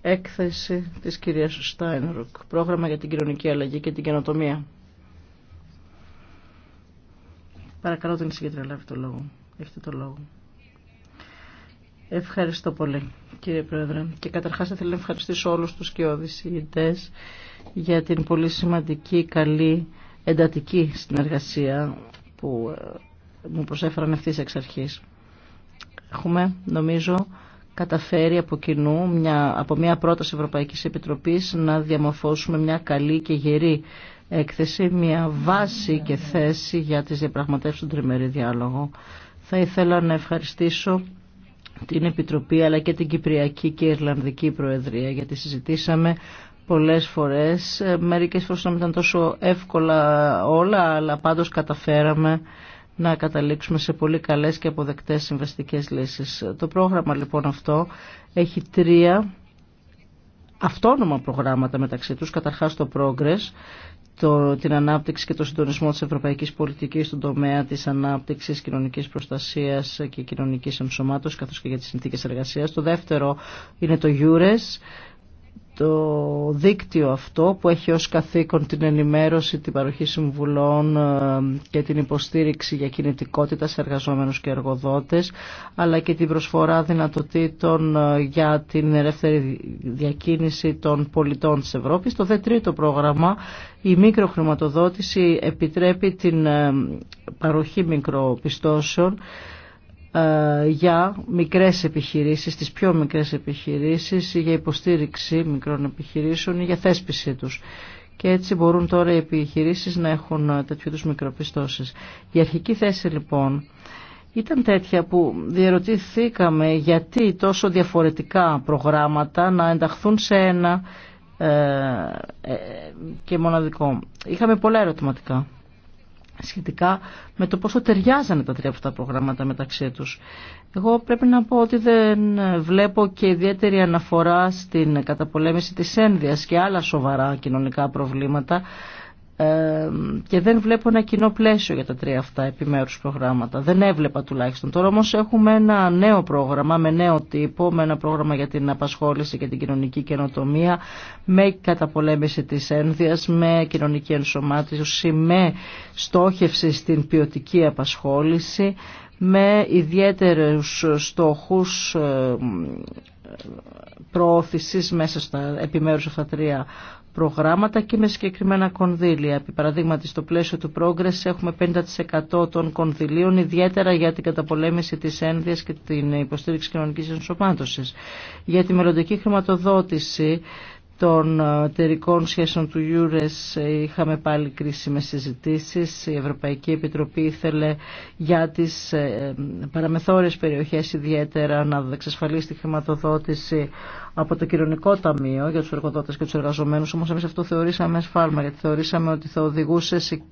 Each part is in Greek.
Έκθεση της κυρίας Στάινρουκ. Πρόγραμμα για την κοινωνική αλλαγή και την καινοτομία. Παρακαλώ την να λάβει το λόγο. Έχετε το λόγο. Ευχαριστώ πολύ κύριε Πρόεδρε και καταρχάς θα θέλω να ευχαριστήσω όλους τους και οδησιητές για την πολύ σημαντική, καλή, εντατική συνεργασία που ε, μου προσέφεραν ευθύς εξ αρχής έχουμε νομίζω καταφέρει από κοινού μια, από μια πρόταση Ευρωπαϊκής Επιτροπής να διαμορφώσουμε μια καλή και γερή έκθεση, μια βάση και θέση για τις διαπραγματεύσεις του τριμερή διάλογο. Θα ήθελα να ευχαριστήσω την Επιτροπή αλλά και την Κυπριακή και Ιρλανδική Προεδρία γιατί συζητήσαμε πολλές φορές, ε, μερικές φορές να ήταν τόσο εύκολα όλα αλλά πάντως καταφέραμε να καταλήξουμε σε πολύ καλές και αποδεκτές συμβαστικές λύσεις. Το πρόγραμμα λοιπόν αυτό έχει τρία αυτόνομα προγράμματα μεταξύ τους, καταρχάς το Progress, το, την ανάπτυξη και το συντονισμό της ευρωπαϊκής πολιτικής στον τομέα της ανάπτυξης, κοινωνικής προστασίας και κοινωνικής ενσωμάτωσης, καθώς και για τις συνθήκες εργασίας. Το δεύτερο είναι το EURES, το δίκτυο αυτό που έχει ως καθήκον την ενημέρωση, την παροχή συμβουλών ε, και την υποστήριξη για κινητικότητα σε εργαζόμενους και εργοδότες, αλλά και την προσφορά δυνατοτήτων ε, για την ελεύθερη διακίνηση των πολιτών της Ευρώπης. Το δε τρίτο πρόγραμμα, η μικροχρηματοδότηση επιτρέπει την ε, παροχή μικροπιστώσεων ε, για μικρές επιχειρήσεις, τις πιο μικρές επιχειρήσεις, για υποστήριξη μικρών επιχειρήσεων ή για θέσπιση τους. Και έτσι μπορούν τώρα οι επιχειρήσεις να έχουν ε, τέτοιου τους μικροπιστώσεις. Η αρχική θέση λοιπόν ήταν τέτοια που διερωτηθήκαμε γιατί τόσο διαφορετικά προγράμματα να ενταχθούν σε ένα ε, και μοναδικό. Είχαμε πολλά ερωτηματικά σχετικά με το πόσο ταιριάζανε τα τρία αυτά προγράμματα μεταξύ τους. Εγώ πρέπει να πω ότι δεν βλέπω και ιδιαίτερη αναφορά στην καταπολέμηση της ένδυας και άλλα σοβαρά κοινωνικά προβλήματα και δεν βλέπω ένα κοινό πλαίσιο για τα τρία αυτά επιμέρους προγράμματα. Δεν έβλεπα τουλάχιστον. Τώρα όμως έχουμε ένα νέο πρόγραμμα με νέο τύπο, με ένα πρόγραμμα για την απασχόληση και την κοινωνική καινοτομία, με καταπολέμηση της ένδυας, με κοινωνική ενσωμάτωση, με στόχευση στην ποιοτική απασχόληση, με ιδιαίτερους στόχους προώθησης μέσα στα επιμέρους αυτά τρία προγράμματα και με συγκεκριμένα κονδύλια. Επί παραδείγματι στο πλαίσιο του Progress έχουμε 50% των κονδυλίων ιδιαίτερα για την καταπολέμηση της ένδυας και την υποστήριξη κοινωνικής ενσωμάτωσης. Για τη μελλοντική χρηματοδότηση των ε, εταιρικών σχέσεων του Eures ε, είχαμε πάλι κρίσιμες συζητήσεις. Η Ευρωπαϊκή Επιτροπή ήθελε για τις ε, παραμεθόρες περιοχές ιδιαίτερα να εξασφαλίσει τη χρηματοδότηση από το κοινωνικό ταμείο για του εργοδότες και του εργαζομένους, όμω εμείς αυτό θεωρήσαμε σφάλμα, γιατί θεωρήσαμε ότι θα οδηγούσε σε,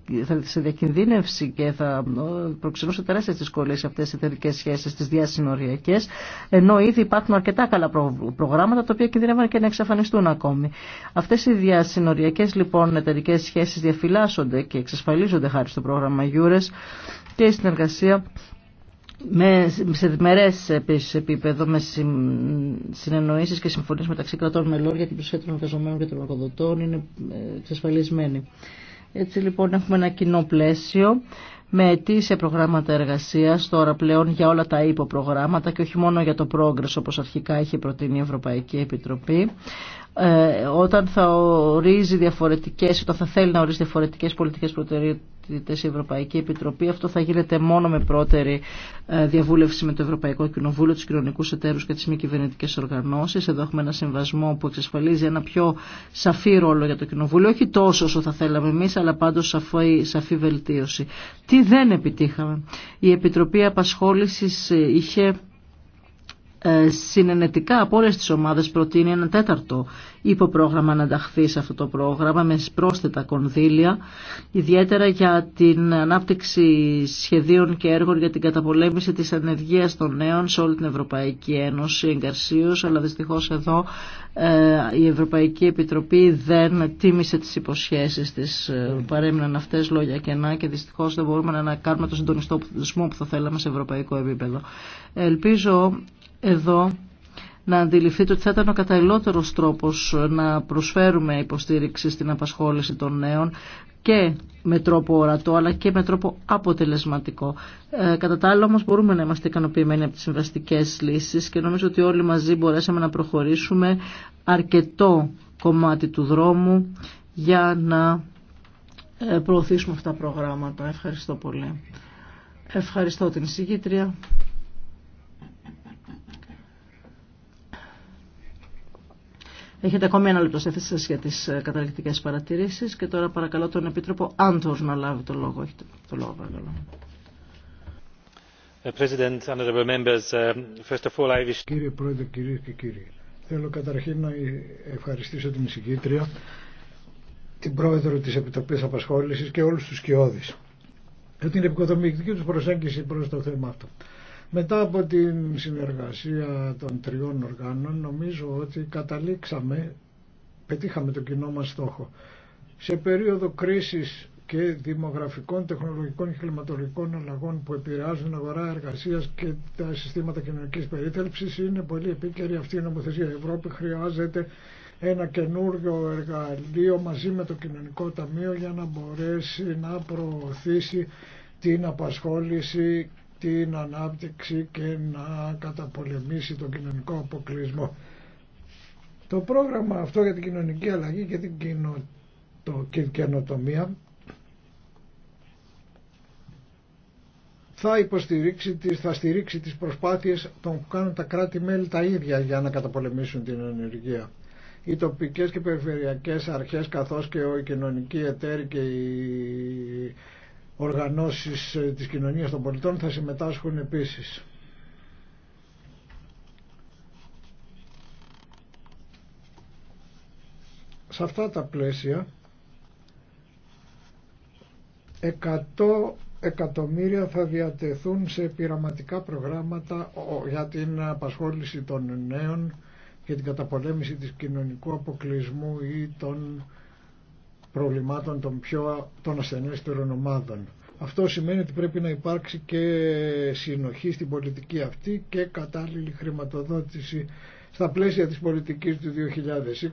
σε διακινδύνευση και θα ε, προξενούσε τεράστιες δυσκολίε αυτέ οι εταιρικέ σχέσει τι διασυνοριακέ, ενώ ήδη υπάρχουν αρκετά καλά προγράμματα τα οποία κινδυνεύαν και να εξαφανιστούν ακόμη. Αυτέ οι διασυνοριακέ λοιπόν εταιρικέ σχέσει διαφυλάσσονται και εξασφαλίζονται χάρη στο πρόγραμμα Eures και η συνεργασία με, σε μερές επίπεδο με συνεννοήσεις και συμφωνίες μεταξύ κρατών μελών για την προσφέτεια των εργαζομένων και των εργοδοτών είναι ε, εξασφαλισμένη. Έτσι λοιπόν έχουμε ένα κοινό πλαίσιο με αιτήσια προγράμματα εργασίας τώρα πλέον για όλα τα υποπρογράμματα και όχι μόνο για το πρόγκρες όπως αρχικά είχε προτείνει η Ευρωπαϊκή Επιτροπή ε, όταν θα ορίζει διαφορετικές, όταν θα θέλει να ορίζει διαφορετικές πολιτικές προτεραιότητες η Ευρωπαϊκή Επιτροπή, αυτό θα γίνεται μόνο με πρώτερη ε, διαβούλευση με το Ευρωπαϊκό Κοινοβούλιο, τους κοινωνικούς εταίρους και τις μη κυβερνητικέ οργανώσεις. Εδώ έχουμε ένα συμβασμό που εξασφαλίζει ένα πιο σαφή ρόλο για το Κοινοβούλιο, όχι τόσο όσο θα θέλαμε εμείς, αλλά πάντως σαφή, σαφή βελτίωση. Τι δεν επιτύχαμε. Η Επιτροπή Απασχόλησης είχε ε, συνενετικά από όλε τι ομάδε προτείνει ένα τέταρτο υποπρόγραμμα να ενταχθεί σε αυτό το πρόγραμμα με πρόσθετα κονδύλια, ιδιαίτερα για την ανάπτυξη σχεδίων και έργων για την καταπολέμηση τη ανεργία των νέων σε όλη την Ευρωπαϊκή Ένωση εγκαρσίω. αλλά δυστυχώ εδώ ε, η Ευρωπαϊκή Επιτροπή δεν τίμησε τις υποσχέσεις της, ε, παρέμειναν αυτέ λόγια κενά και δυστυχώ δεν μπορούμε να κάνουμε το συντονιστό που θα θέλαμε σε ευρωπαϊκό επίπεδο. Ελπίζω εδώ να αντιληφθείτε ότι θα ήταν ο καταλληλότερος τρόπος να προσφέρουμε υποστήριξη στην απασχόληση των νέων και με τρόπο ορατό αλλά και με τρόπο αποτελεσματικό. Ε, κατά τα άλλα όμως μπορούμε να είμαστε ικανοποιημένοι από τις συμβαστικές λύσεις και νομίζω ότι όλοι μαζί μπορέσαμε να προχωρήσουμε αρκετό κομμάτι του δρόμου για να ε, προωθήσουμε αυτά τα προγράμματα. Ευχαριστώ πολύ. Ευχαριστώ την συγκήτρια. Έχετε ακόμη ένα λεπτό για τις ε, καταληκτικές παρατηρήσεις και τώρα παρακαλώ τον Επίτροπο Άντορ να λάβει το λόγο. Έχετε το λόγο, παρακαλώ. Ε, ε, Κύριε Πρόεδρε, κυρίε και κύριοι, θέλω καταρχήν να ευχαριστήσω την εισηγήτρια, την Πρόεδρο της Επιτροπής Απασχόλησης και όλους τους κοιόδης για την επικοδομητική τους προσέγγιση προς το θέμα αυτό. Μετά από την συνεργασία των τριών οργάνων νομίζω ότι καταλήξαμε, πετύχαμε το κοινό μας στόχο. Σε περίοδο κρίσης και δημογραφικών, τεχνολογικών και κλιματολογικών αλλαγών που επηρεάζουν την αγορά εργασία και τα συστήματα κοινωνική περίθαλψη, είναι πολύ επίκαιρη αυτή η νομοθεσία. Η Ευρώπη χρειάζεται ένα καινούριο εργαλείο μαζί με το Κοινωνικό Ταμείο για να μπορέσει να προωθήσει την απασχόληση την ανάπτυξη και να καταπολεμήσει τον κοινωνικό αποκλεισμό. Το πρόγραμμα αυτό για την κοινωνική αλλαγή και την κοινο... το... καινοτομία θα, υποστηρίξει, θα στηρίξει τις προσπάθειες των που κάνουν τα κράτη-μέλη τα ίδια για να καταπολεμήσουν την ενεργεία. Οι τοπικές και περιφερειακές αρχές καθώς και οι κοινωνικοί εταίροι και οι οργανώσεις ε, της κοινωνίας των πολιτών θα συμμετάσχουν επίσης. Σε αυτά τα πλαίσια 100 εκατομμύρια θα διατεθούν σε πειραματικά προγράμματα για την απασχόληση των νέων και την καταπολέμηση της κοινωνικού αποκλεισμού ή των προβλημάτων των πιο των ασθενέστερων ομάδων. Αυτό σημαίνει ότι πρέπει να υπάρξει και συνοχή στην πολιτική αυτή και κατάλληλη χρηματοδότηση στα πλαίσια της πολιτικής του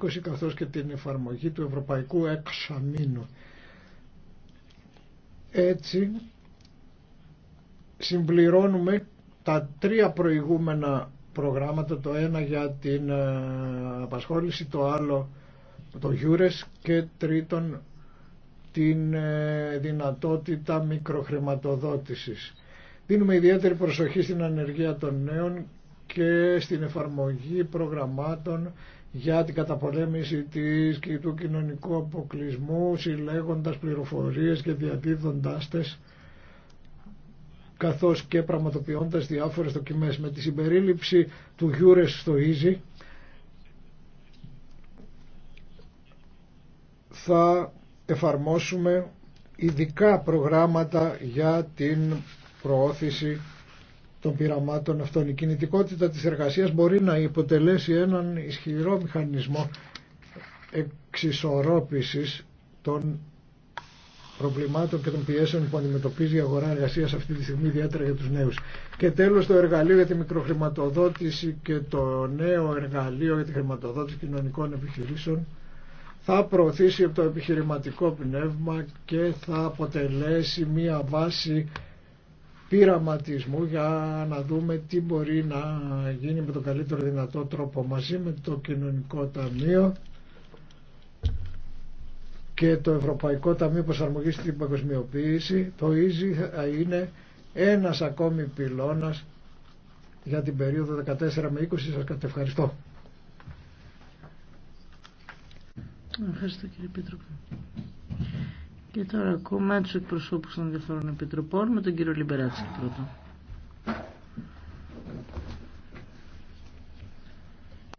2020 καθώς και την εφαρμογή του Ευρωπαϊκού Εξαμήνου. Έτσι συμπληρώνουμε τα τρία προηγούμενα προγράμματα, το ένα για την ε, απασχόληση, το άλλο το Γιούρες και τρίτον την ε, δυνατότητα μικροχρηματοδότησης. Δίνουμε ιδιαίτερη προσοχή στην ανεργία των νέων και στην εφαρμογή προγραμμάτων για την καταπολέμηση της και του κοινωνικού αποκλεισμού συλλέγοντας πληροφορίες και διαδίδοντάς τες καθώς και πραγματοποιώντας διάφορες δοκιμές. Με τη συμπερίληψη του Γιούρες στο Ίζι» θα εφαρμόσουμε ειδικά προγράμματα για την προώθηση των πειραμάτων αυτών. Η κινητικότητα της εργασίας μπορεί να υποτελέσει έναν ισχυρό μηχανισμό εξισορρόπησης των προβλημάτων και των πιέσεων που αντιμετωπίζει η αγορά εργασία αυτή τη στιγμή, ιδιαίτερα για του νέου. Και τέλο, το εργαλείο για τη μικροχρηματοδότηση και το νέο εργαλείο για τη χρηματοδότηση κοινωνικών επιχειρήσεων θα προωθήσει από το επιχειρηματικό πνεύμα και θα αποτελέσει μία βάση πειραματισμού για να δούμε τι μπορεί να γίνει με τον καλύτερο δυνατό τρόπο μαζί με το Κοινωνικό Ταμείο και το Ευρωπαϊκό Ταμείο Προσαρμογής στην Παγκοσμιοποίηση το EASY θα είναι ένας ακόμη πυλώνας για την περίοδο 14 με 20 σας κατευχαριστώ. Ευχαριστώ κύριε Πίτρο. Και τώρα ακούμε του εκπροσώπου των διαφορών επιτροπών με τον κύριο Λιμπεράτση πρώτο.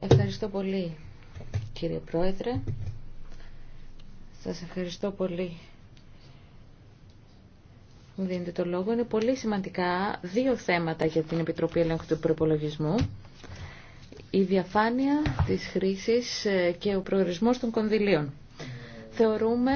Ευχαριστώ πολύ κύριε Πρόεδρε. Σας ευχαριστώ πολύ μου δίνετε το λόγο. Είναι πολύ σημαντικά δύο θέματα για την Επιτροπή Ελέγχου του Προπολογισμού η διαφάνεια της χρήσης ε, και ο προορισμός των κονδυλίων. Θεωρούμε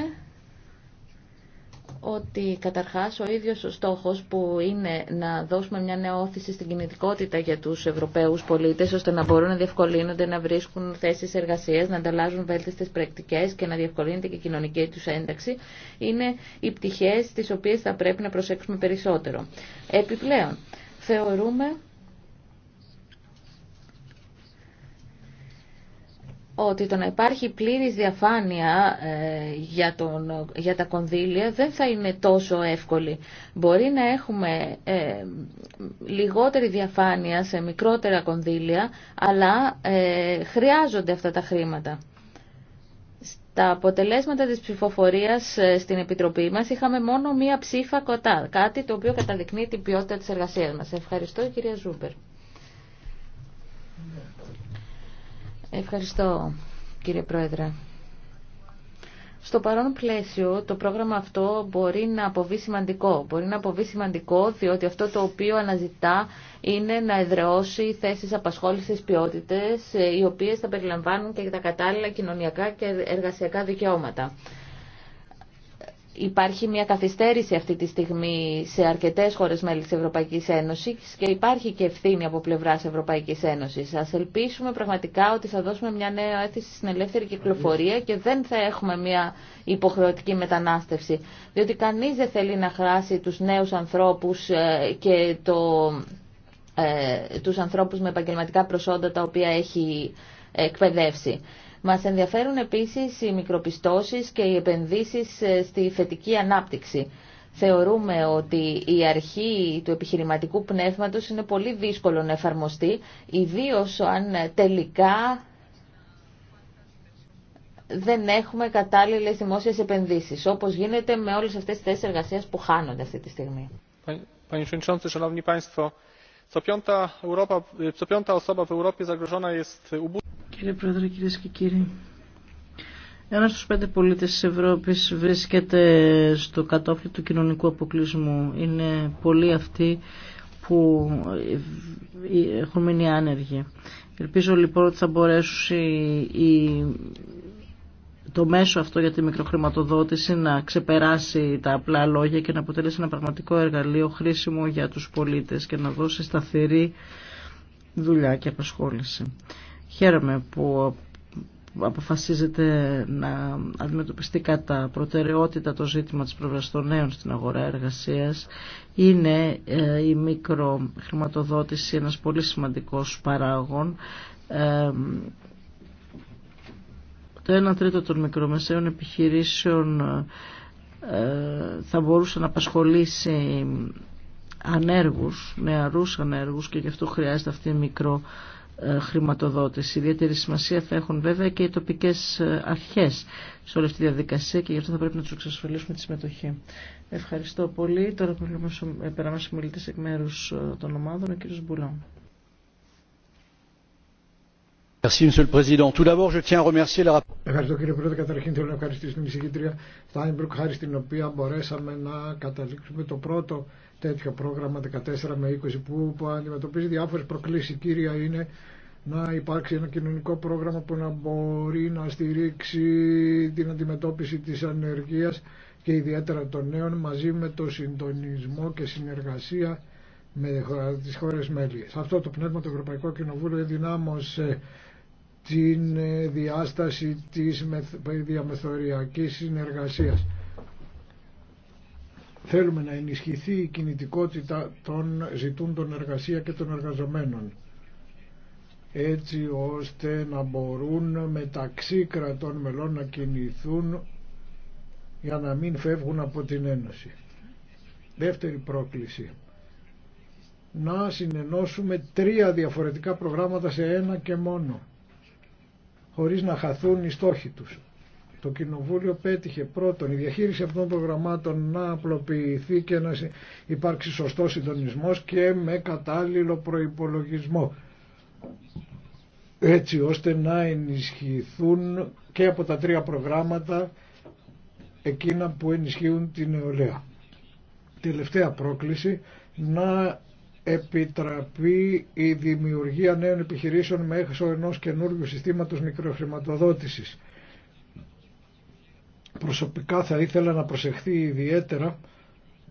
ότι καταρχάς ο ίδιος ο στόχος που είναι να δώσουμε μια νέα στην κινητικότητα για τους Ευρωπαίους πολίτες ώστε να μπορούν να διευκολύνονται να βρίσκουν θέσεις εργασίας, να ανταλλάζουν βέλτιστες πρακτικές και να διευκολύνεται και η κοινωνική τους ένταξη είναι οι πτυχές τις οποίες θα πρέπει να προσέξουμε περισσότερο. Επιπλέον, θεωρούμε ότι το να υπάρχει πλήρης διαφάνεια ε, για, τον, για τα κονδύλια δεν θα είναι τόσο εύκολη. Μπορεί να έχουμε ε, λιγότερη διαφάνεια σε μικρότερα κονδύλια, αλλά ε, χρειάζονται αυτά τα χρήματα. Τα αποτελέσματα της ψηφοφορίας στην Επιτροπή μας είχαμε μόνο μία ψήφα κοτά, κάτι το οποίο καταδεικνύει την ποιότητα της εργασίας μας. Ευχαριστώ κυρία Ζούπερ. Ευχαριστώ κύριε Πρόεδρε. Στο παρόν πλαίσιο το πρόγραμμα αυτό μπορεί να αποβεί σημαντικό. Μπορεί να αποβεί σημαντικό διότι αυτό το οποίο αναζητά είναι να εδραιώσει θέσεις απασχόλησης ποιότητες ε, οι οποίες θα περιλαμβάνουν και τα κατάλληλα κοινωνιακά και εργασιακά δικαιώματα. Υπάρχει μια καθυστέρηση αυτή τη στιγμή σε αρκετές χώρες μέλη της Ευρωπαϊκής Ένωσης και υπάρχει και ευθύνη από πλευράς Ευρωπαϊκής Ένωσης. Ας ελπίσουμε πραγματικά ότι θα δώσουμε μια νέα αίτηση στην ελεύθερη κυκλοφορία και δεν θα έχουμε μια υποχρεωτική μετανάστευση. Διότι κανείς δεν θέλει να χάσει τους νέους ανθρώπους ε, και το, ε, τους ανθρώπους με επαγγελματικά προσόντα τα οποία έχει εκπαιδεύσει. Μας ενδιαφέρουν επίσης οι μικροπιστώσεις και οι επενδύσεις ε, στη θετική ανάπτυξη. Θεωρούμε ότι η αρχή του επιχειρηματικού πνεύματος είναι πολύ δύσκολο να εφαρμοστεί, ιδίως αν ε, τελικά δεν έχουμε κατάλληλες δημόσιες επενδύσεις, όπως γίνεται με όλες αυτές τις θέσεις εργασίας που χάνονται αυτή τη στιγμή. Panie Przewodniczący, Szanowni Państwo, Κύριε piąta osoba w Europie zagrożona jest πέντε πολίτε τη Ευρώπης βρίσκεται στο κατόφλι του κοινωνικού αποκλεισμού. Είναι πολλοί αυτοί που ε, ε, έχουν μείνει άνεργοι. Ελπίζω λοιπόν ότι θα μπορέσουν οι το μέσο αυτό για τη μικροχρηματοδότηση να ξεπεράσει τα απλά λόγια και να αποτελέσει ένα πραγματικό εργαλείο χρήσιμο για τους πολίτες και να δώσει σταθερή δουλειά και απασχόληση. Χαίρομαι που αποφασίζεται να αντιμετωπιστεί κατά προτεραιότητα το ζήτημα της πρόβλησης των νέων στην αγορά εργασίας είναι ε, η μικροχρηματοδότηση ένας πολύ σημαντικός παράγων ε, το 1 τρίτο των μικρομεσαίων επιχειρήσεων ε, θα μπορούσε να απασχολήσει ανέργους, νεαρούς ανέργους και γι' αυτό χρειάζεται αυτή η μικρό ε, χρηματοδότηση. Ιδιαίτερη σημασία θα έχουν βέβαια και οι τοπικές ε, αρχές σε όλη αυτή τη διαδικασία και γι' αυτό θα πρέπει να τους εξασφαλίσουμε τη συμμετοχή. Ευχαριστώ πολύ. Τώρα περάμε στους μιλητές εκ μέρους των ομάδων, ο κύριος Μπουλόν. Ευχαριστώ κύριε Πρόεδρε. Καταρχήν θέλω να ευχαριστήσω την εισηγήτρια Στάιμπρουκ, χάρη στην οποία μπορέσαμε να καταλήξουμε το πρώτο τέτοιο πρόγραμμα 14 με 20 που, αντιμετωπίζει διάφορε προκλήσει Η κύρια είναι να υπάρξει ένα κοινωνικό πρόγραμμα που να μπορεί να στηρίξει την αντιμετώπιση τη ανεργία και ιδιαίτερα των νέων μαζί με το συντονισμό και συνεργασία με τι χώρε μέλη. Σε αυτό το πνεύμα το Ευρωπαϊκό Κοινοβούλιο ενδυνάμωσε την ε, διάσταση της διαμεθοριακής συνεργασίας. Θέλουμε να ενισχυθεί η κινητικότητα των ζητούντων εργασία και των εργαζομένων έτσι ώστε να μπορούν μεταξύ κρατών μελών να κινηθούν για να μην φεύγουν από την Ένωση. Δεύτερη πρόκληση. Να συνενώσουμε τρία διαφορετικά προγράμματα σε ένα και μόνο χωρίς να χαθούν οι στόχοι τους. Το Κοινοβούλιο πέτυχε πρώτον η διαχείριση αυτών των προγραμμάτων να απλοποιηθεί και να υπάρξει σωστός συντονισμό και με κατάλληλο προπολογισμό. έτσι ώστε να ενισχυθούν και από τα τρία προγράμματα εκείνα που ενισχύουν την νεολαία. Τελευταία πρόκληση να επιτραπεί η δημιουργία νέων επιχειρήσεων μέχρι ενός καινούργιου συστήματος μικροχρηματοδότησης. Προσωπικά θα ήθελα να προσεχθεί ιδιαίτερα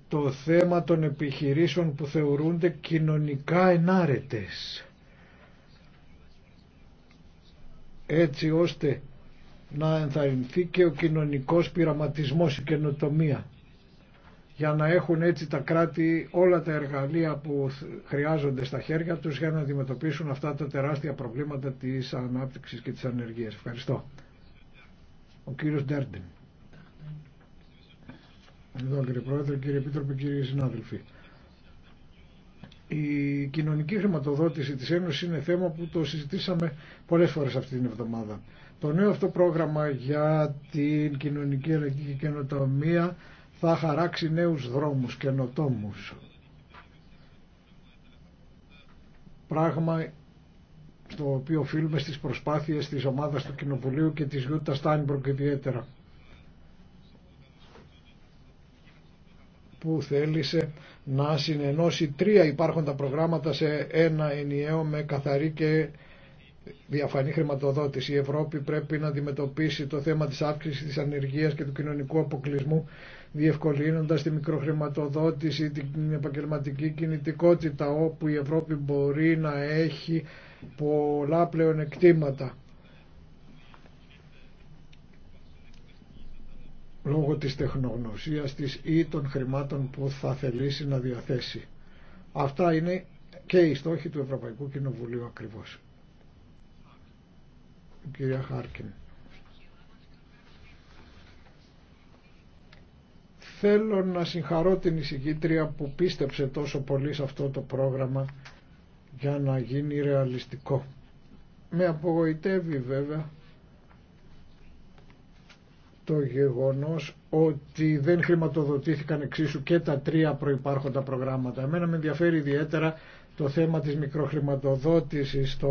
το θέμα των επιχειρήσεων που θεωρούνται κοινωνικά ενάρετες. Έτσι ώστε να ενθαρρυνθεί και ο κοινωνικός πειραματισμός, η καινοτομία για να έχουν έτσι τα κράτη όλα τα εργαλεία που χρειάζονται στα χέρια τους για να αντιμετωπίσουν αυτά τα τεράστια προβλήματα της ανάπτυξης και της ανεργίας. Ευχαριστώ. Ο κύριος Ντέρντιν. Εδώ κύριε Πρόεδρε, κύριε Επίτροπε, κύριοι συνάδελφοι. Η κοινωνική χρηματοδότηση της Ένωσης είναι θέμα που το συζητήσαμε πολλές φορές αυτή την εβδομάδα. Το νέο αυτό πρόγραμμα για την κοινωνική αλλαγή και καινοτομία θα χαράξει νέους δρόμους καινοτόμους. Πράγμα στο οποίο οφείλουμε στις προσπάθειες της ομάδας του Κοινοβουλίου και της Γιούτα Στάνιμπροκ ιδιαίτερα που θέλησε να συνενώσει τρία υπάρχοντα προγράμματα σε ένα ενιαίο με καθαρή και διαφανή χρηματοδότηση. Η Ευρώπη πρέπει να αντιμετωπίσει το θέμα της αύξησης της ανεργίας και του κοινωνικού αποκλεισμού διευκολύνοντας τη μικροχρηματοδότηση, την επαγγελματική κινητικότητα όπου η Ευρώπη μπορεί να έχει πολλά πλεονεκτήματα. λόγω της τεχνογνωσίας της ή των χρημάτων που θα θελήσει να διαθέσει. Αυτά είναι και οι στόχοι του Ευρωπαϊκού Κοινοβουλίου ακριβώς. κυρία Θέλω να συγχαρώ την εισηγήτρια που πίστεψε τόσο πολύ σε αυτό το πρόγραμμα για να γίνει ρεαλιστικό. Με απογοητεύει βέβαια το γεγονός ότι δεν χρηματοδοτήθηκαν εξίσου και τα τρία προϋπάρχοντα προγράμματα. Εμένα με ενδιαφέρει ιδιαίτερα το θέμα της μικροχρηματοδότησης, το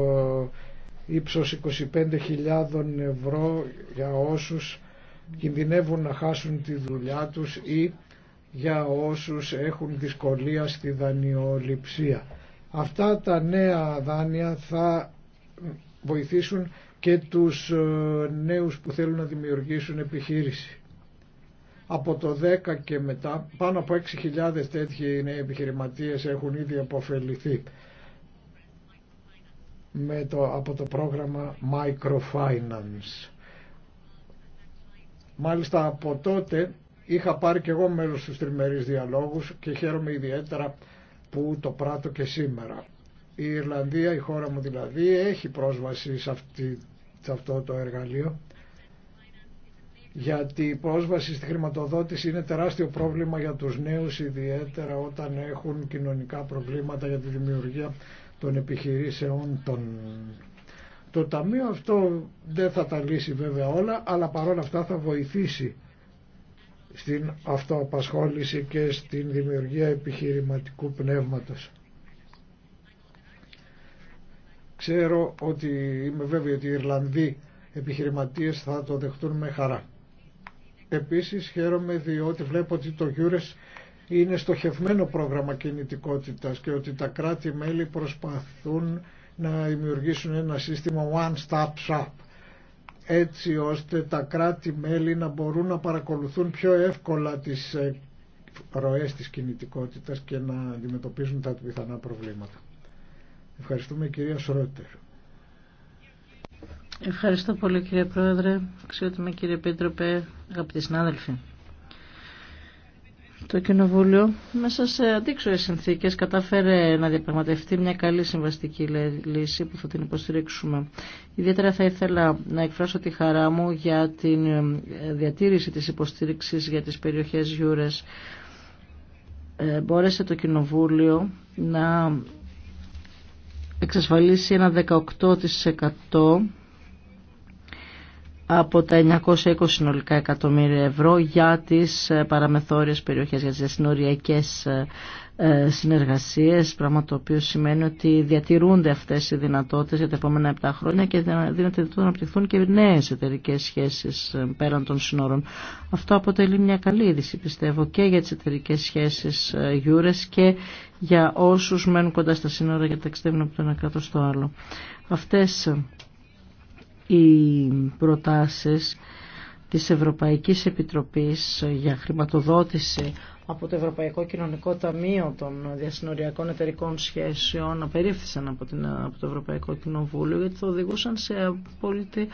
ύψος 25.000 ευρώ για όσους κινδυνεύουν να χάσουν τη δουλειά τους ή για όσους έχουν δυσκολία στη δανειοληψία. Αυτά τα νέα δάνεια θα βοηθήσουν και τους ε, νέους που θέλουν να δημιουργήσουν επιχείρηση. Από το 10 και μετά πάνω από 6.000 τέτοιοι νέοι επιχειρηματίες έχουν ήδη αποφεληθεί με το, από το πρόγραμμα Microfinance. Μάλιστα από τότε είχα πάρει και εγώ μέλος στους τριμερείς διαλόγους και χαίρομαι ιδιαίτερα που το πράττω και σήμερα. Η Ιρλανδία, η χώρα μου δηλαδή, έχει πρόσβαση σε, αυτό το εργαλείο γιατί η πρόσβαση στη χρηματοδότηση είναι τεράστιο πρόβλημα για τους νέους ιδιαίτερα όταν έχουν κοινωνικά προβλήματα για τη δημιουργία των επιχειρήσεών των το ταμείο αυτό δεν θα τα λύσει βέβαια όλα, αλλά παρόλα αυτά θα βοηθήσει στην αυτοαπασχόληση και στην δημιουργία επιχειρηματικού πνεύματος. Ξέρω ότι είμαι βέβαιο ότι οι Ιρλανδοί επιχειρηματίες θα το δεχτούν με χαρά. Επίσης χαίρομαι διότι βλέπω ότι το Γιούρες είναι στοχευμένο πρόγραμμα κινητικότητας και ότι τα κράτη-μέλη προσπαθούν να δημιουργήσουν ένα σύστημα one-stop shop έτσι ώστε τα κράτη-μέλη να μπορούν να παρακολουθούν πιο εύκολα τις ε, ροές της κινητικότητας και να αντιμετωπίζουν τα πιθανά προβλήματα. Ευχαριστούμε κυρία Σρότερ. Ευχαριστώ πολύ κύριε Πρόεδρε, αξιότιμα κύριε Πίτροπε, αγαπητοί συνάδελφοι. Το Κοινοβούλιο μέσα σε αντίξωε συνθήκε. κατάφερε να διαπραγματευτεί μια καλή συμβαστική λύση που θα την υποστηρίξουμε. Ιδιαίτερα θα ήθελα να εκφράσω τη χαρά μου για τη ε, διατήρηση της υποστήριξης για τις περιοχές Γιούρες. Ε, μπόρεσε το Κοινοβούλιο να εξασφαλίσει ένα 18% από τα 920 συνολικά εκατομμύρια ευρώ για τις ε, παραμεθόριες περιοχές, για τις διασυνοριακές ε, ε, συνεργασίες, πράγμα το οποίο σημαίνει ότι διατηρούνται αυτές οι δυνατότητες για τα επόμενα 7 χρόνια και δίνεται να αναπτυχθούν και νέες εταιρικέ σχέσεις πέραν των συνόρων. Αυτό αποτελεί μια καλή είδηση πιστεύω και για τις εταιρικέ σχέσεις γιούρες και για όσους μένουν κοντά στα σύνορα για ταξιδεύουν από το ένα κράτος στο άλλο. Αυτές οι προτάσεις της Ευρωπαϊκής Επιτροπής για χρηματοδότηση από το Ευρωπαϊκό Κοινωνικό Ταμείο των Διασυνοριακών Εταιρικών Σχέσεων απερίφθησαν από, την, από το Ευρωπαϊκό Κοινοβούλιο γιατί θα οδηγούσαν σε απόλυτη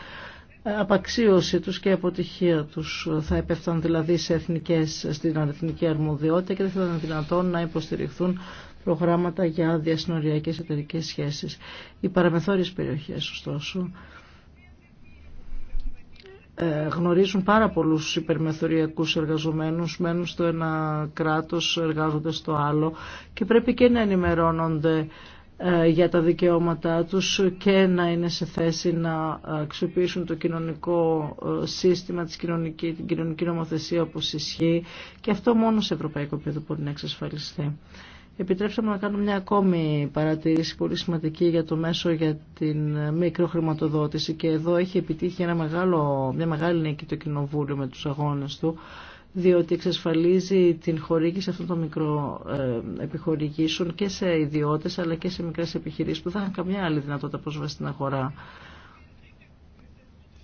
απαξίωση τους και αποτυχία τους. Θα έπεφταν δηλαδή σε εθνικές, στην εθνική αρμοδιότητα και δεν θα ήταν δυνατόν να υποστηριχθούν προγράμματα για διασυνοριακές εταιρικές σχέσεις. Οι παραμεθόριες περιοχές ωστόσο ε, γνωρίζουν πάρα πολλούς υπερμεθοριακούς εργαζομένους, μένουν στο ένα κράτος, εργάζονται στο άλλο και πρέπει και να ενημερώνονται ε, για τα δικαιώματά τους και να είναι σε θέση να αξιοποιήσουν το κοινωνικό ε, σύστημα, της κοινωνική, την κοινωνική νομοθεσία όπως ισχύει και αυτό μόνο σε ευρωπαϊκό επίπεδο μπορεί να εξασφαλιστεί. Επιτρέψτε μου να κάνω μια ακόμη παρατήρηση πολύ σημαντική για το μέσο για την μικροχρηματοδότηση και εδώ έχει επιτύχει ένα μεγάλο, μια μεγάλη νίκη το Κοινοβούλιο με τους αγώνες του διότι εξασφαλίζει την χορήγηση αυτών των μικροεπιχορηγήσεων ε, και σε ιδιώτες αλλά και σε μικρές επιχειρήσεις που δεν είχαν καμιά άλλη δυνατότητα πρόσβαση στην αγορά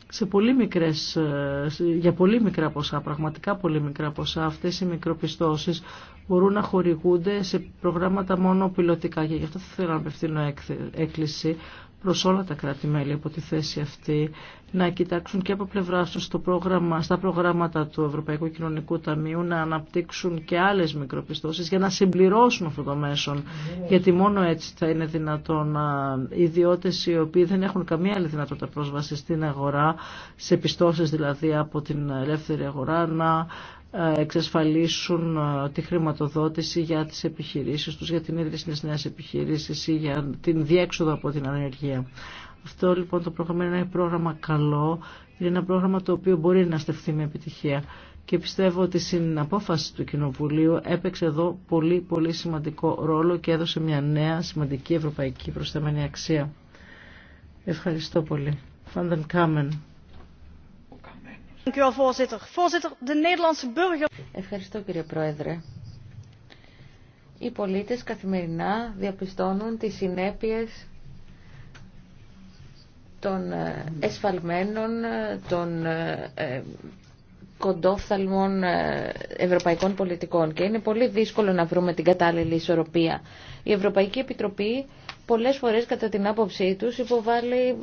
σε πολύ μικρές, ε, για πολύ μικρά ποσά, πραγματικά πολύ μικρά ποσά, αυτές οι μικροπιστώσεις μπορούν να χορηγούνται σε προγράμματα μόνο πιλωτικά και γι' αυτό θα θέλω να απευθύνω έκκληση προς όλα τα κράτη-μέλη από τη θέση αυτή να κοιτάξουν και από πλευρά του πρόγραμμα, στα προγράμματα του Ευρωπαϊκού Κοινωνικού Ταμείου να αναπτύξουν και άλλες μικροπιστώσεις για να συμπληρώσουν αυτό το μέσο. Γιατί μόνο έτσι θα είναι δυνατόν να... οι ιδιώτες οι οποίοι δεν έχουν καμία άλλη δυνατότητα πρόσβαση στην αγορά, σε πιστώσεις δηλαδή από την ελεύθερη αγορά, να εξασφαλίσουν ε, τη χρηματοδότηση για τις επιχειρήσεις τους, για την ίδρυση της νέας επιχειρήσης ή για την διέξοδο από την ανεργία. Αυτό λοιπόν το πρόγραμμα είναι ένα πρόγραμμα καλό, είναι ένα πρόγραμμα το οποίο μπορεί να στεφθεί με επιτυχία και πιστεύω ότι στην απόφαση του Κοινοβουλίου έπαιξε εδώ πολύ πολύ σημαντικό ρόλο και έδωσε μια νέα σημαντική ευρωπαϊκή προσθέμενη αξία. Ευχαριστώ πολύ. Φάνταν Κάμεν. Ευχαριστώ κύριε Πρόεδρε. Οι πολίτες καθημερινά διαπιστώνουν τις συνέπειες των ε, εσφαλμένων, ε, των ε, κοντόφθαλμων ευρωπαϊκών πολιτικών και είναι πολύ δύσκολο να βρούμε την κατάλληλη ισορροπία. Η Ευρωπαϊκή Επιτροπή πολλές φορές κατά την άποψή τους υποβάλλει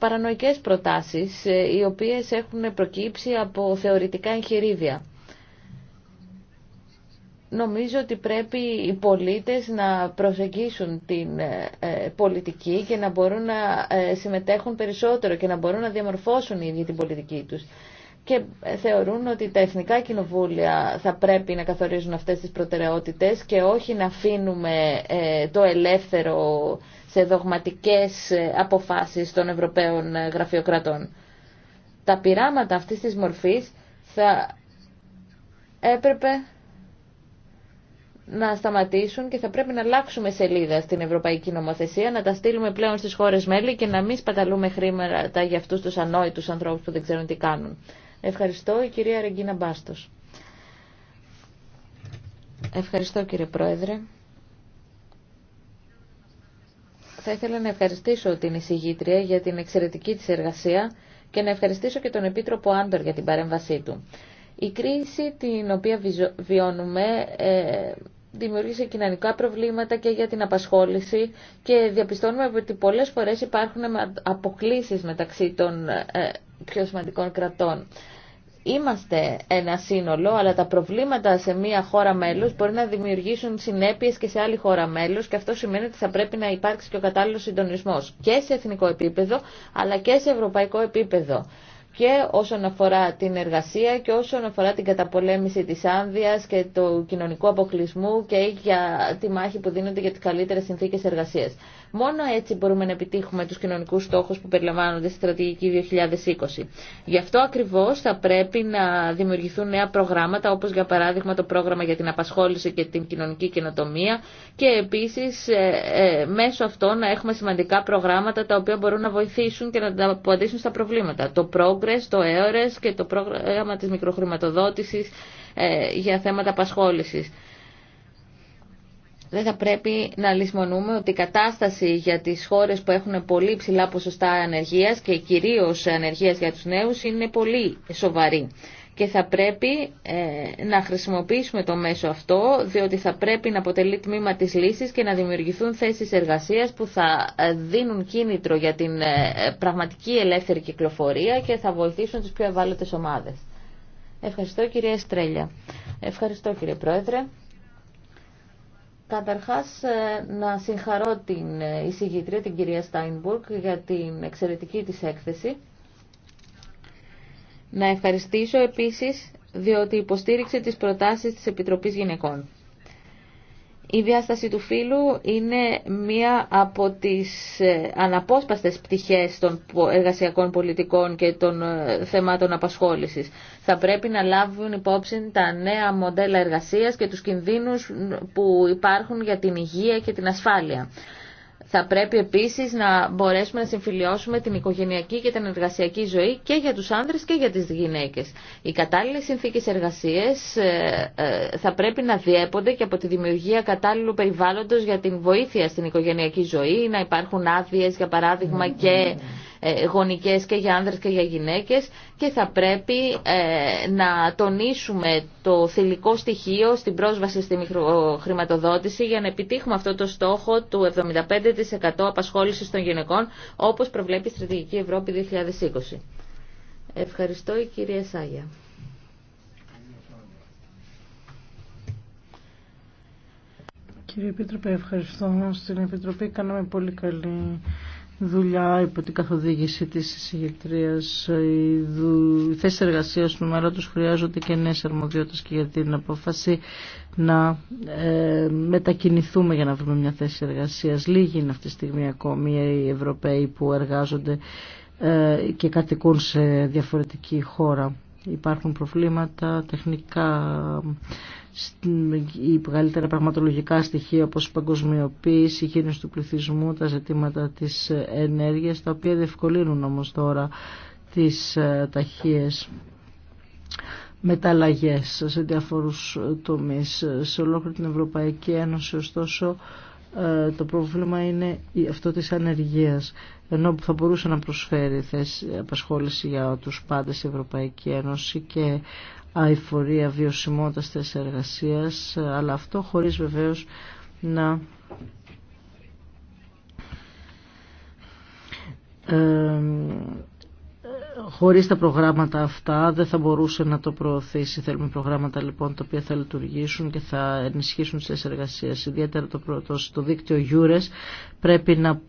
παρανοϊκές προτάσεις, ε, οι οποίες έχουν προκύψει από θεωρητικά εγχειρίδια. Νομίζω ότι πρέπει οι πολίτες να προσεγγίσουν την ε, ε, πολιτική και να μπορούν να συμμετέχουν περισσότερο και να μπορούν να διαμορφώσουν οι την πολιτική τους και θεωρούν ότι τα εθνικά κοινοβούλια θα πρέπει να καθορίζουν αυτές τις προτεραιότητες και όχι να αφήνουμε το ελεύθερο σε δογματικές ε, αποφάσεις των Ευρωπαίων ε, γραφειοκρατών. Τα πειράματα αυτής της μορφής θα έπρεπε να σταματήσουν και θα πρέπει να αλλάξουμε σελίδα στην ευρωπαϊκή νομοθεσία, να τα στείλουμε πλέον στις χώρες μέλη και να μην σπαταλούμε χρήματα για αυτούς τους ανόητους ανθρώπους που δεν ξέρουν τι κάνουν. Ευχαριστώ η κυρία Ρεγκίνα Μπάστος. Ευχαριστώ κύριε Πρόεδρε θα ήθελα να ευχαριστήσω την εισηγήτρια για την εξαιρετική της εργασία και να ευχαριστήσω και τον Επίτροπο Άντορ για την παρέμβασή του. Η κρίση την οποία βιώνουμε ε, δημιούργησε κοινωνικά προβλήματα και για την απασχόληση και διαπιστώνουμε ότι πολλές φορές υπάρχουν αποκλίσεις μεταξύ των ε, πιο σημαντικών κρατών είμαστε ένα σύνολο, αλλά τα προβλήματα σε μία χώρα μέλους μπορεί να δημιουργήσουν συνέπειες και σε άλλη χώρα μέλος και αυτό σημαίνει ότι θα πρέπει να υπάρξει και ο κατάλληλος συντονισμός και σε εθνικό επίπεδο, αλλά και σε ευρωπαϊκό επίπεδο και όσον αφορά την εργασία και όσον αφορά την καταπολέμηση της άνδειας και του κοινωνικού αποκλεισμού και για τη μάχη που δίνονται για τις καλύτερες συνθήκες εργασίας. Μόνο έτσι μπορούμε να επιτύχουμε τους κοινωνικούς στόχους που περιλαμβάνονται στη στρατηγική 2020. Γι' αυτό ακριβώς θα πρέπει να δημιουργηθούν νέα προγράμματα όπως για παράδειγμα το πρόγραμμα για την απασχόληση και την κοινωνική καινοτομία και επίσης ε, ε, μέσω αυτό να έχουμε σημαντικά προγράμματα τα οποία μπορούν να βοηθήσουν και να τα στα προβλήματα. Το Progress, το EORES και το πρόγραμμα της μικροχρηματοδότησης ε, για θέματα απασχόλησης δεν θα πρέπει να λησμονούμε ότι η κατάσταση για τις χώρες που έχουν πολύ ψηλά ποσοστά ανεργίας και κυρίως ανεργίας για τους νέους είναι πολύ σοβαρή. Και θα πρέπει ε, να χρησιμοποιήσουμε το μέσο αυτό, διότι θα πρέπει να αποτελεί τμήμα της λύσης και να δημιουργηθούν θέσεις εργασίας που θα ε, δίνουν κίνητρο για την ε, πραγματική ελεύθερη κυκλοφορία και θα βοηθήσουν τις πιο ευάλωτες ομάδες. Ευχαριστώ κυρία Στρέλια. Ευχαριστώ κύριε Πρόεδρε. Καταρχάς ε, να συγχαρώ την ε, εισηγήτρια, την κυρία Στάινμπουργκ, για την εξαιρετική της έκθεση. Να ευχαριστήσω επίσης διότι υποστήριξε τις προτάσεις της Επιτροπής Γυναικών. Η διάσταση του φύλου είναι μία από τις ε, αναπόσπαστες πτυχές των εργασιακών πολιτικών και των ε, θεμάτων απασχόλησης. Θα πρέπει να λάβουν υπόψη τα νέα μοντέλα εργασίας και τους κινδύνους που υπάρχουν για την υγεία και την ασφάλεια. Θα πρέπει επίσης να μπορέσουμε να συμφιλειώσουμε την οικογενειακή και την εργασιακή ζωή και για τους άνδρες και για τις γυναίκες. Οι κατάλληλες συνθήκες εργασίας ε, ε, θα πρέπει να διέπονται και από τη δημιουργία κατάλληλου περιβάλλοντος για την βοήθεια στην οικογενειακή ζωή, να υπάρχουν άδειε, για παράδειγμα ναι, και ναι, ναι. Ε, γονικές και για άνδρες και για γυναίκες και θα πρέπει ε, να τονίσουμε το θηλυκό στοιχείο στην πρόσβαση στη χρηματοδότηση για να επιτύχουμε αυτό το στόχο του 75% απασχόλησης των γυναικών όπως προβλέπει η Στρατηγική Ευρώπη 2020. Ευχαριστώ η κυρία Σάγια. Κύριε Επίτροπε, ευχαριστώ. Στην Επιτροπή κάναμε πολύ καλή δουλειά υπό την καθοδήγηση της εισηγητρίας. Οι, δου... οι θέσεις εργασίας του τους χρειάζονται και νέες αρμοδιότητες και για την απόφαση να ε, μετακινηθούμε για να βρούμε μια θέση εργασίας. Λίγοι είναι αυτή τη στιγμή ακόμη οι Ευρωπαίοι που εργάζονται ε, και κατοικούν σε διαφορετική χώρα. Υπάρχουν προβλήματα τεχνικά οι μεγαλύτερα πραγματολογικά στοιχεία όπως η παγκοσμιοποίηση, η γέννηση του πληθυσμού, τα ζητήματα της ενέργειας, τα οποία διευκολύνουν όμως τώρα τις ε, ταχείες μεταλλαγές σε διαφορούς τομείς. Σε ολόκληρη την Ευρωπαϊκή Ένωση, ωστόσο, ε, το πρόβλημα είναι αυτό της ανεργίας ενώ θα μπορούσε να προσφέρει θέση απασχόληση για τους πάντες η Ευρωπαϊκή Ένωση και αηφορία βιωσιμότητας της εργασίας, αλλά αυτό χωρίς βεβαίως να ε, χωρίς τα προγράμματα αυτά δεν θα μπορούσε να το προωθήσει. Θέλουμε προγράμματα λοιπόν τα οποία θα λειτουργήσουν και θα ενισχύσουν τις εργασίες. Ιδιαίτερα το, το, το δίκτυο Eures πρέπει να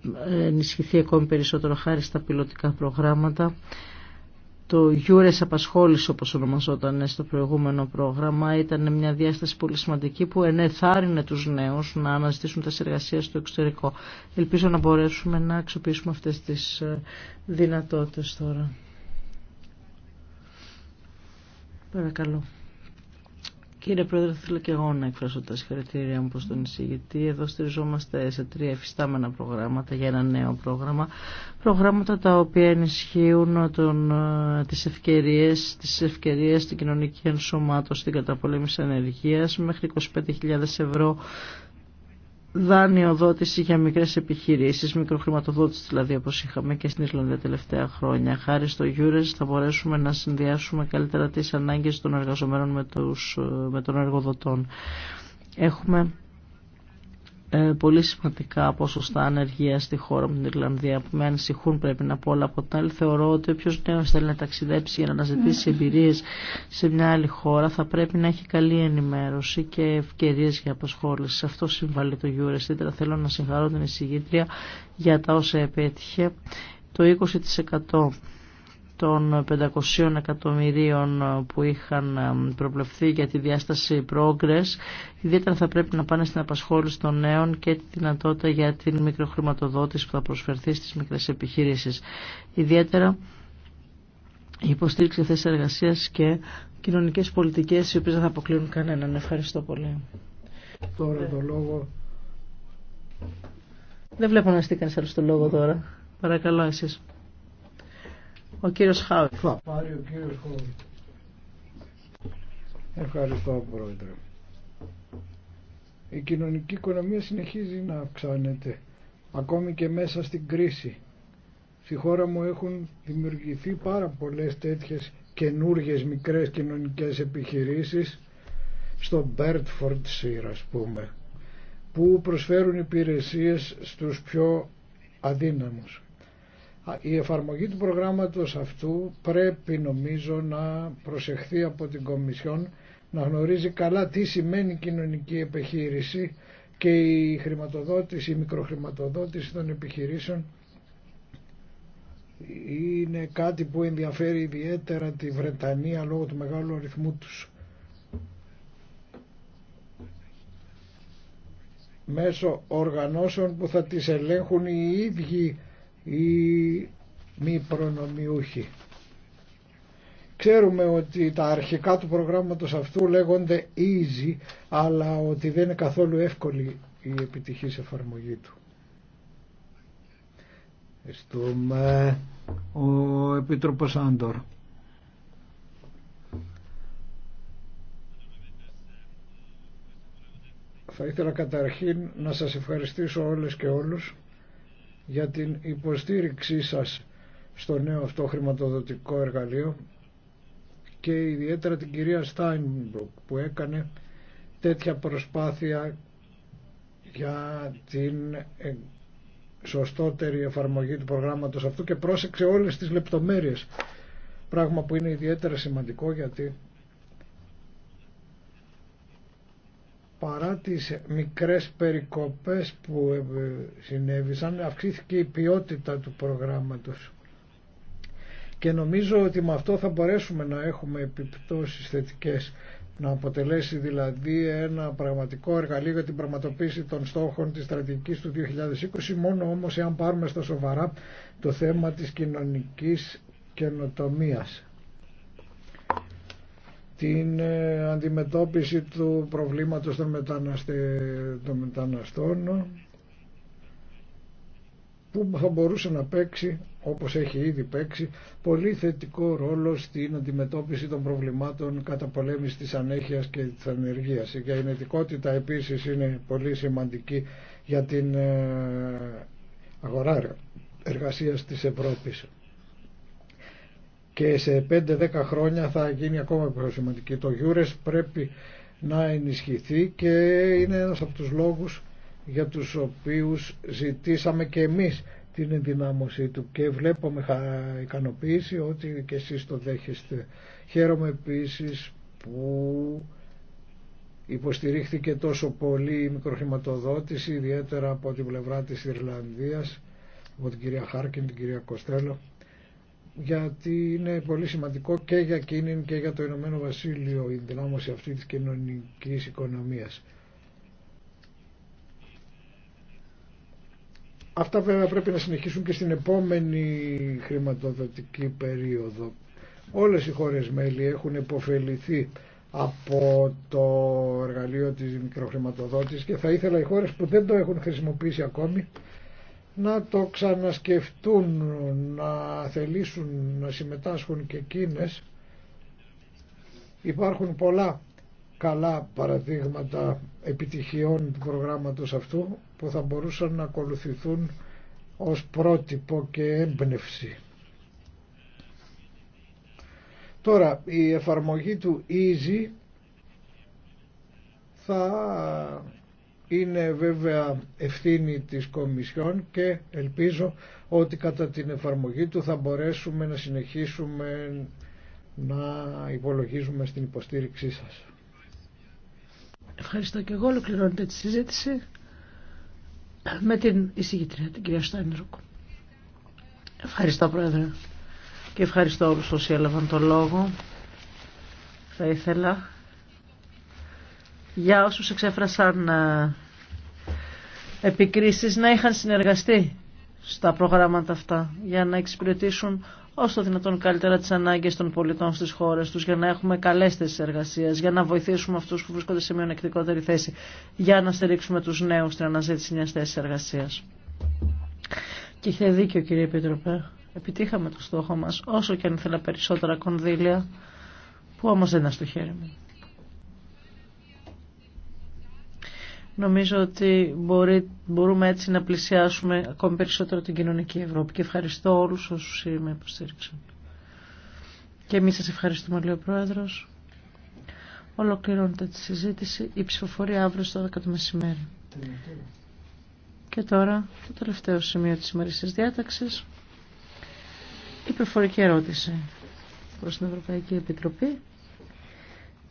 ενισχυθεί ακόμη περισσότερο χάρη στα πιλωτικά προγράμματα το Γιούρες Απασχόληση όπως ονομαζόταν στο προηγούμενο πρόγραμμα ήταν μια διάσταση πολύ σημαντική που ενεθάρρυνε τους νέους να αναζητήσουν τα εργασία στο εξωτερικό. Ελπίζω να μπορέσουμε να αξιοποιήσουμε αυτές τις ε, δυνατότητες τώρα. Παρακαλώ. Κύριε Πρόεδρε, θέλω και εγώ να εκφράσω τα συγχαρητήρια μου προς τον εισηγητή. Εδώ στηριζόμαστε σε τρία εφιστάμενα προγράμματα για ένα νέο πρόγραμμα. Προγράμματα τα οποία ενισχύουν τι ε, τις, ευκαιρίες, τις ευκαιρίες στην κοινωνική ενσωμάτωση, την καταπολέμηση ανεργίας μέχρι 25.000 ευρώ δάνειοδότηση για μικρές επιχειρήσεις, μικροχρηματοδότηση δηλαδή όπως είχαμε και στην Ισλανδία τελευταία χρόνια. Χάρη στο Eures θα μπορέσουμε να συνδυάσουμε καλύτερα τις ανάγκες των εργαζομένων με, τους, ε, με των εργοδοτών. Έχουμε ε, πολύ σημαντικά ποσοστά ανεργία στη χώρα μου, την Ιρλανδία, που με ανησυχούν πρέπει να πω, όλα από τα άλλη θεωρώ ότι όποιο νέο θέλει να ταξιδέψει για να αναζητήσει ναι. εμπειρίε σε μια άλλη χώρα θα πρέπει να έχει καλή ενημέρωση και ευκαιρίε για απασχόληση. Σε αυτό συμβάλλει το Eures. θέλω να συγχαρώ την εισηγήτρια για τα όσα επέτυχε. Το 20% των 500 εκατομμυρίων που είχαν προβλεφθεί για τη διάσταση Progress. Ιδιαίτερα θα πρέπει να πάνε στην απασχόληση των νέων και τη δυνατότητα για την μικροχρηματοδότηση που θα προσφερθεί στις μικρές επιχειρήσεις. Ιδιαίτερα η υποστήριξη θέσης εργασίας και κοινωνικές πολιτικές οι οποίες δεν θα αποκλείουν κανέναν. Ευχαριστώ πολύ. Τώρα το λόγο... Δεν βλέπω να στείλει κανείς λόγο τώρα. Παρακαλώ εσείς. Ο κύριος πάρει ο κύριος Ευχαριστώ πρόεδρε. Η κοινωνική οικονομία συνεχίζει να αυξάνεται ακόμη και μέσα στην κρίση. Στη χώρα μου έχουν δημιουργηθεί πάρα πολλές τέτοιες καινούργιες μικρές κοινωνικές επιχειρήσεις στο ΣΥΡ ας πούμε που προσφέρουν υπηρεσίες στους πιο αδύναμους. Η εφαρμογή του προγράμματος αυτού πρέπει νομίζω να προσεχθεί από την Κομισιόν να γνωρίζει καλά τι σημαίνει κοινωνική επιχείρηση και η χρηματοδότηση, η μικροχρηματοδότηση των επιχειρήσεων είναι κάτι που ενδιαφέρει ιδιαίτερα τη Βρετανία λόγω του μεγάλου αριθμού τους. Μέσω οργανώσεων που θα τις ελέγχουν οι ίδιοι ή μη προνομιούχοι. Ξέρουμε ότι τα αρχικά του προγράμματος αυτού λέγονται easy, αλλά ότι δεν είναι καθόλου εύκολη η επιτυχής εφαρμογή του. Ευχαριστούμε ο Επίτροπος Άντορ. Θα ήθελα καταρχήν να σας ευχαριστήσω όλες και όλους για την υποστήριξή σας στο νέο αυτό χρηματοδοτικό εργαλείο και ιδιαίτερα την κυρία Στάινμπρουκ που έκανε τέτοια προσπάθεια για την σωστότερη εφαρμογή του προγράμματος αυτού και πρόσεξε όλες τις λεπτομέρειες πράγμα που είναι ιδιαίτερα σημαντικό γιατί παρά τις μικρές περικοπές που ε, συνέβησαν αυξήθηκε η ποιότητα του προγράμματος και νομίζω ότι με αυτό θα μπορέσουμε να έχουμε επιπτώσεις θετικές να αποτελέσει δηλαδή ένα πραγματικό εργαλείο για την πραγματοποίηση των στόχων της στρατηγικής του 2020 μόνο όμως εάν πάρουμε στα σοβαρά το θέμα της κοινωνικής καινοτομίας την ε, αντιμετώπιση του προβλήματος των, μεταναστε, των μεταναστών που θα μπορούσε να παίξει, όπως έχει ήδη παίξει, πολύ θετικό ρόλο στην αντιμετώπιση των προβλημάτων κατά πολέμηση της ανέχειας και της ανεργίας. Η γενετικότητα επίσης είναι πολύ σημαντική για την ε, αγορά εργασίας της Ευρώπης και σε 5-10 χρόνια θα γίνει ακόμα πιο σημαντική. Το Γιούρες πρέπει να ενισχυθεί και είναι ένας από τους λόγους για τους οποίους ζητήσαμε και εμείς την ενδυνάμωσή του και βλέπω με ικανοποίηση ότι και εσείς το δέχεστε. Χαίρομαι επίσης που υποστηρίχθηκε τόσο πολύ η μικροχρηματοδότηση ιδιαίτερα από την πλευρά της Ιρλανδίας από την κυρία Χάρκιν, την κυρία Κοστέλο γιατί είναι πολύ σημαντικό και για εκείνη και για το Ηνωμένο Βασίλειο η δυνάμωση αυτή της κοινωνικής οικονομίας. Αυτά βέβαια πρέπει να συνεχίσουν και στην επόμενη χρηματοδοτική περίοδο. Όλες οι χώρες μέλη έχουν υποφεληθεί από το εργαλείο της μικροχρηματοδότησης και θα ήθελα οι χώρες που δεν το έχουν χρησιμοποιήσει ακόμη να το ξανασκεφτούν, να θελήσουν να συμμετάσχουν και εκείνες. Υπάρχουν πολλά καλά παραδείγματα επιτυχιών του προγράμματος αυτού που θα μπορούσαν να ακολουθηθούν ως πρότυπο και έμπνευση. Τώρα, η εφαρμογή του EASY θα είναι βέβαια ευθύνη της Κομισιόν και ελπίζω ότι κατά την εφαρμογή του θα μπορέσουμε να συνεχίσουμε να υπολογίζουμε στην υποστήριξή σας. Ευχαριστώ και εγώ. Ολοκληρώνεται τη συζήτηση με την εισηγητρία, την κυρία Στάινρουκ. Ευχαριστώ Πρόεδρε και ευχαριστώ όλους όσοι έλαβαν το λόγο. Θα ήθελα για όσους εξέφρασαν ε, επικρίσεις να είχαν συνεργαστεί στα προγράμματα αυτά για να εξυπηρετήσουν όσο το δυνατόν καλύτερα τις ανάγκες των πολιτών στις χώρες τους για να έχουμε καλές θέσεις εργασίας, για να βοηθήσουμε αυτούς που βρίσκονται σε μειονεκτικότερη θέση, για να στηρίξουμε τους νέους στην αναζήτηση μιας θέσης εργασίας. Και είχε δίκιο κύριε Επίτροπε, επιτύχαμε το στόχο μας όσο και αν ήθελα περισσότερα κονδύλια, που όμως δεν ήταν στο χέρι μου. Νομίζω ότι μπορεί, μπορούμε έτσι να πλησιάσουμε ακόμη περισσότερο την κοινωνική Ευρώπη και ευχαριστώ όλους όσους με υποστήριξαν. Και εμείς σας ευχαριστούμε, λέει ο Πρόεδρος. Ολοκληρώνεται τη συζήτηση. Η ψηφοφορία αύριο στο 12 το μεσημέρι. Και τώρα το τελευταίο σημείο της σημερινής διάταξης. Η προφορική ερώτηση προς την Ευρωπαϊκή Επιτροπή.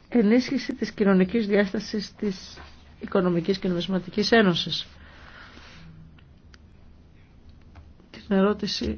Ενίσχυση της κοινωνικής διάστασης της Οικονομικής και Νομισματικής Ένωσης. Την ερώτηση